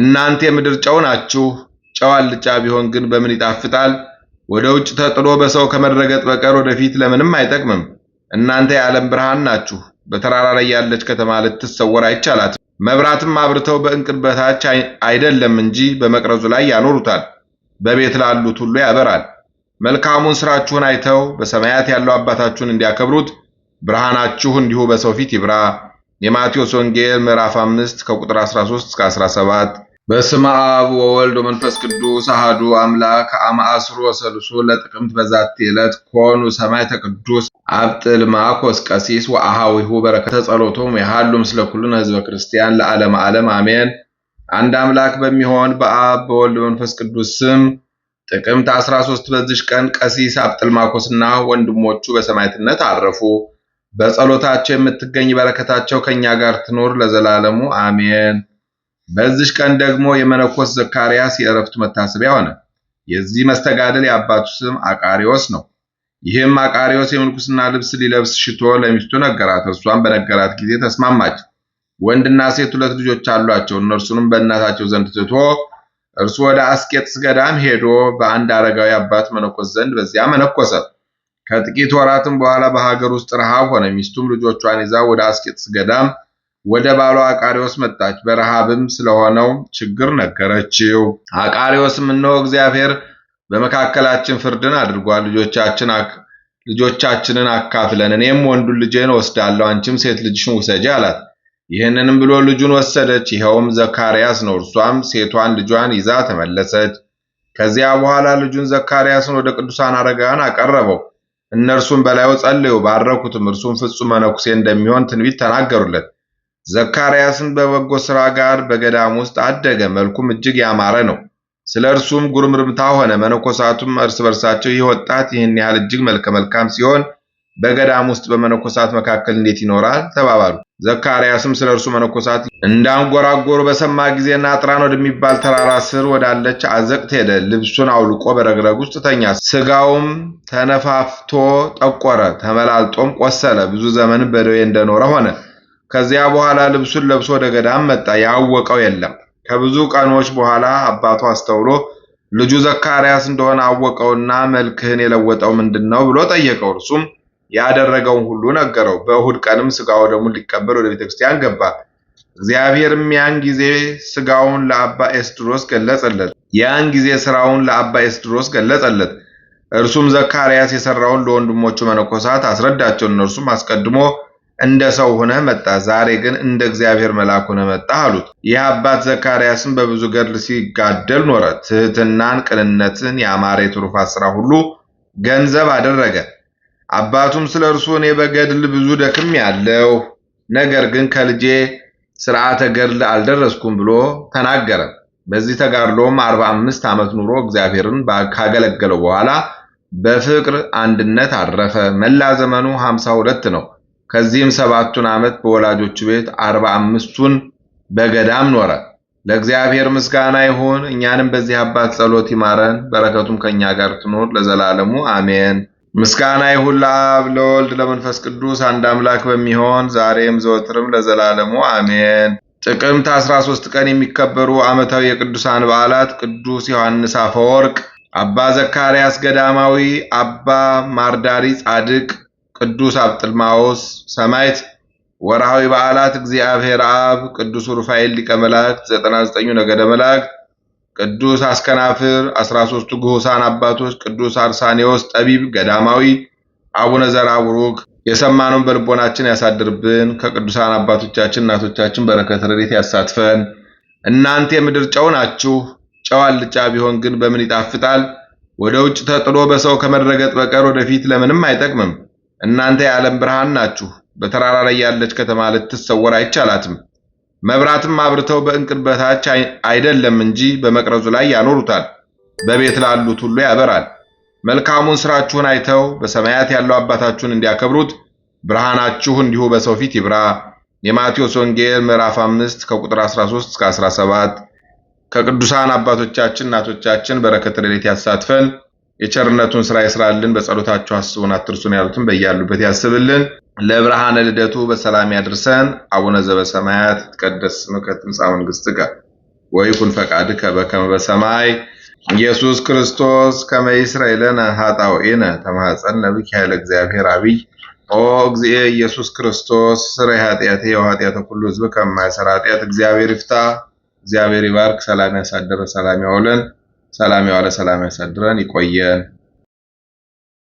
እናንተ የምድር ጨው ናችሁ። ጨው አልጫ ቢሆን ግን በምን ይጣፍጣል? ወደ ውጭ ተጥሎ በሰው ከመረገጥ በቀር ወደፊት ለምንም አይጠቅምም። እናንተ የዓለም ብርሃን ናችሁ። በተራራ ላይ ያለች ከተማ ልትሰወር አይቻላትም። መብራትም አብርተው በእንቅብ በታች አይደለም እንጂ በመቅረዙ ላይ ያኖሩታል፣ በቤት ላሉት ሁሉ ያበራል። መልካሙን ስራችሁን አይተው በሰማያት ያለው አባታችሁን እንዲያከብሩት ብርሃናችሁ እንዲሁ በሰው ፊት ይብራ። የማቴዎስ ወንጌል ምዕራፍ 5 ከቁጥር 13 እስከ 17። በስመ አብ ወወልድ ወመንፈስ ቅዱስ አሐዱ አምላክ አመ ዐሥሩ ለጥቅምት በዛቲ ዕለት ኮኑ ሰማዕተ ቅዱስ ማኮስ ቀሲስ ወአሃዊሁ በረከተ ጸሎቶም ያሃሉ ምስለ ኩልነ ህዝበ ክርስቲያን ለዓለመ ዓለም አሜን። አንድ አምላክ በሚሆን በአብ በወልድ በመንፈስ ቅዱስ ስም ጥቅምት 13 በዚች ቀን ቀሲስ ማኮስና ወንድሞቹ በሰማዕትነት አረፉ። በጸሎታቸው የምትገኝ በረከታቸው ከእኛ ጋር ትኖር ለዘላለሙ አሜን። በዚች ቀን ደግሞ የመነኮስ ዘካርያስ የእረፍቱ መታሰቢያ ሆነ። የዚህ መስተጋደል የአባቱ ስም አቃሪዎስ ነው። ይህም አቃሪዎስ የምንኩስና ልብስ ሊለብስ ሽቶ ለሚስቱ ነገራት። እርሷን በነገራት ጊዜ ተስማማች። ወንድና ሴት ሁለት ልጆች አሏቸው። እነርሱንም በእናታቸው ዘንድ ትቶ እርሱ ወደ አስቄጥስ ገዳም ሄዶ በአንድ አረጋዊ አባት መነኮስ ዘንድ በዚያ መነኮሰ። ከጥቂት ወራትም በኋላ በሀገር ውስጥ ረሃብ ሆነ። ሚስቱም ልጆቿን ይዛ ወደ አስቄጥስ ገዳም ወደ ባሏ አቃሪዎስ መጣች። በረሃብም ስለሆነው ችግር ነገረችው። አቃሪዎስም እነሆ እግዚአብሔር በመካከላችን ፍርድን አድርጓል፣ ልጆቻችንን አካፍለን፣ እኔም ወንዱን ልጄን ወስዳለሁ፣ አንቺም ሴት ልጅሽን ውሰጂ አላት። ይህንንም ብሎ ልጁን ወሰደች። ይኸውም ዘካርያስ ነው። እርሷም ሴቷን ልጇን ይዛ ተመለሰች። ከዚያ በኋላ ልጁን ዘካርያስን ወደ ቅዱሳን አረጋውያን አቀረበው። እነርሱም በላዩ ጸለዩ፣ ባረኩትም። እርሱም ፍጹም መነኩሴ እንደሚሆን ትንቢት ተናገሩለት። ዘካርያስን በበጎ ሥራ ጋር በገዳም ውስጥ አደገ፣ መልኩም እጅግ ያማረ ነው። ስለ እርሱም ጉርምርምታ ሆነ። መነኮሳቱም እርስ በርሳቸው ይህ ወጣት ይህን ያህል እጅግ መልከ መልካም ሲሆን በገዳም ውስጥ በመነኮሳት መካከል እንዴት ይኖራል ተባባሉ። ዘካርያስም ስለ እርሱ መነኮሳት እንዳንጎራጎሩ በሰማ ጊዜ ናጥራን ወደሚባል ተራራ ስር ወዳለች አዘቅት ሄደ። ልብሱን አውልቆ በረግረግ ውስጥ ተኛ። ስጋውም ተነፋፍቶ ጠቆረ፣ ተመላልጦም ቆሰለ። ብዙ ዘመን በደዌ እንደኖረ ሆነ። ከዚያ በኋላ ልብሱን ለብሶ ወደ ገዳም መጣ። ያወቀው የለም። ከብዙ ቀኖች በኋላ አባቱ አስተውሎ ልጁ ዘካርያስ እንደሆነ አወቀውና መልክህን የለወጠው ምንድን ነው ብሎ ጠየቀው። እርሱም ያደረገውን ሁሉ ነገረው። በእሁድ ቀንም ስጋ ወደሙን ሊቀበል ወደ ቤተክርስቲያን ገባ። እግዚአብሔርም ያን ጊዜ ስጋውን ለአባ ኤስድሮስ ገለጸለት። ያን ጊዜ ስራውን ለአባ ኤስድሮስ ገለጸለት። እርሱም ዘካርያስ የሰራውን ለወንድሞቹ መነኮሳት አስረዳቸው። እነርሱም አስቀድሞ እንደ ሰው ሆነህ መጣ፣ ዛሬ ግን እንደ እግዚአብሔር መልአክ ሆነህ መጣ አሉት። ይህ አባት ዘካርያስም በብዙ ገድል ሲጋደል ኖረ። ትህትናን፣ ቅንነትን፣ የአማረ የትሩፋት ስራ ሁሉ ገንዘብ አደረገ። አባቱም ስለ እርሱ እኔ በገድል ብዙ ደክም ያለው ነገር ግን ከልጄ ስርዓተ ገድል አልደረስኩም ብሎ ተናገረ። በዚህ ተጋድሎም 45 አምስት ዓመት ኑሮ እግዚአብሔርን ካገለገለው በኋላ በፍቅር አንድነት አረፈ። መላ ዘመኑ 52 ነው። ከዚህም ሰባቱን ዓመት በወላጆቹ ቤት 45 45ቱን በገዳም ኖረ። ለእግዚአብሔር ምስጋና ይሁን። እኛንም በዚህ አባት ጸሎት ይማረን፣ በረከቱም ከኛ ጋር ትኖር ለዘላለሙ አሜን። ምስጋና ይሁን ለአብ ለወልድ ለመንፈስ ቅዱስ አንድ አምላክ በሚሆን ዛሬም ዘወትርም ለዘላለሙ አሜን። ጥቅምት 13 ቀን የሚከበሩ ዓመታዊ የቅዱሳን በዓላት ቅዱስ ዮሐንስ አፈወርቅ፣ አባ ዘካርያስ ገዳማዊ፣ አባ ማርዳሪ ጻድቅ፣ ቅዱስ አብጥልማዎስ ሰማይት። ወርሃዊ በዓላት እግዚአብሔር አብ፣ ቅዱስ ሩፋኤል ሊቀ መላእክት፣ 99ኙ ነገደ መላእክት ቅዱስ አስከናፍር፣ አስራ ሦስቱ ግሁሳን አባቶች፣ ቅዱስ አርሳኔዎስ ጠቢብ ገዳማዊ፣ አቡነ ዘርዓ ቡሩክ የሰማነውን በልቦናችን ያሳድርብን። ከቅዱሳን አባቶቻችን እናቶቻችን በረከት ረድኤት ያሳትፈን። እናንተ የምድር ጨው ናችሁ። ጨው አልጫ ቢሆን ግን በምን ይጣፍጣል? ወደ ውጭ ተጥሎ በሰው ከመረገጥ በቀር ወደፊት ለምንም አይጠቅምም። እናንተ የዓለም ብርሃን ናችሁ። በተራራ ላይ ያለች ከተማ ልትሰወር አይቻላትም። መብራትም አብርተው በእንቅብ በታች አይደለም እንጂ በመቅረዙ ላይ ያኖሩታል፣ በቤት ላሉት ሁሉ ያበራል። መልካሙን ስራችሁን አይተው በሰማያት ያለው አባታችሁን እንዲያከብሩት ብርሃናችሁ እንዲሁ በሰው ፊት ይብራ። የማቴዎስ ወንጌል ምዕራፍ 5 ከቁጥር 13 እስከ 17። ከቅዱሳን አባቶቻችን እናቶቻችን በረከት ረድኤት ያሳትፈን፣ የቸርነቱን ስራ ይስራልን፣ በጸሎታችሁ አስቡን አትርሱን ያሉትን በያሉበት ያስብልን። ለብርሃነ ልደቱ በሰላም ያድርሰን። አቡነ ዘበሰማያት ይትቀደስ ስምከ ትምጻእ መንግሥትከ ወይኩን ፈቃድከ በከመ በሰማይ ኢየሱስ ክርስቶስ ከመ ይስረይ ለነ ኃጣውኢነ ተማኅፀነ ብከ ኃይለ እግዚአብሔር አብይ ኦ እግዚእ ኢየሱስ ክርስቶስ ስረይ ኃጢአቴ ወኃጢአተ ኩሉ ሕዝብ ከማይሰራ ኃጢአት እግዚአብሔር ይፍታ። እግዚአብሔር ይባርክ። ሰላም ያሳደረ ሰላም ያውለን። ሰላም ያዋለ ሰላም ያሳድረን። ይቆየን።